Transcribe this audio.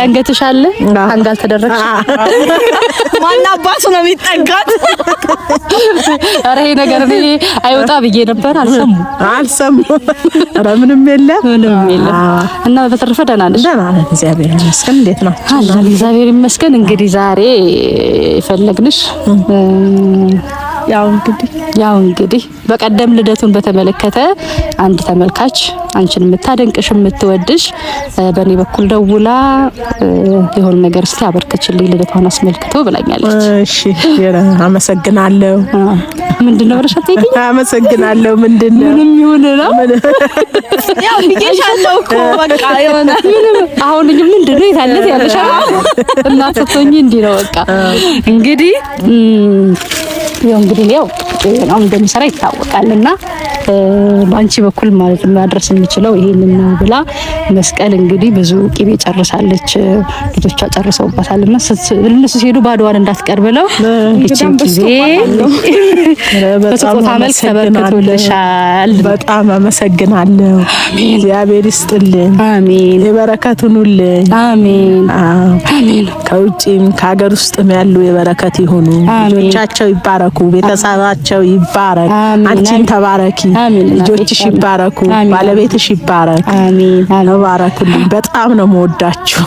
ያንገትሽ አለ አንጋ አልተደረግሽ። ማን አባቱ ነው የሚጠጋት? ኧረ ይሄ ነገር እኔ አይወጣ ብዬ ነበር። አልሰሙ አልሰሙ። ኧረ ምንም የለም ምንም የለም። እና በተረፈ ደህና ነሽ? ደህና ነኝ፣ እግዚአብሔር ይመስገን። እንዴት ነው? አለ እግዚአብሔር ይመስገን። እንግዲህ ዛሬ ፈለግንሽ ያው እንግዲህ ያው እንግዲህ በቀደም ልደቱን በተመለከተ አንድ ተመልካች አንቺን የምታደንቅሽ የምትወድሽ በእኔ በኩል ደውላ የሆነ ነገር እስቲ አበርክችልኝ ልደቷን አስመልክቶ ብላኛለች። እሺ አመሰግናለሁ። ምንድን ነው ብለሽ አትይኝ? አመሰግናለሁ ምንድን ነው ምንም ይሁን ነው ያው ቢገሻለው እኮ በቃ የሆነ አሁን ልጅ ምንድን ነው የታለት ያለሽ እናት ስትሆኚ እንዲህ ነው በቃ እንግዲህ ያው እንግዲህ ያው ጤናው እንደሚሰራ ይታወቃልና በአንቺ በኩል ማለት ማድረስ የምችለው ይሄንን ብላ መስቀል እንግዲህ ብዙ ቂቤ ጨርሳለች። ልጆቿ ጨርሰውባታል እና እነሱ ሲሄዱ ባዶዋን እንዳትቀር ብለው ይችን ጊዜ በስጦታ መልክ ተበርክቶልሻል። በጣም አመሰግናለሁ። እግዚአብሔር ይስጥልኝ። አሜን። የበረከቱን ሁልኝ። አሜን። አሜን። ከውጭም ከሀገር ውስጥም ያሉ የበረከት ይሁኑ። ልጆቻቸው ይባረኩ፣ ቤተሰባቸው ይባረክ፣ አንቺን ተባረኪ፣ ልጆችሽ ይባረኩ፣ ባለቤትሽ ይባረክ። ተባረኩልኝ። በጣም ነው መወዳችሁ።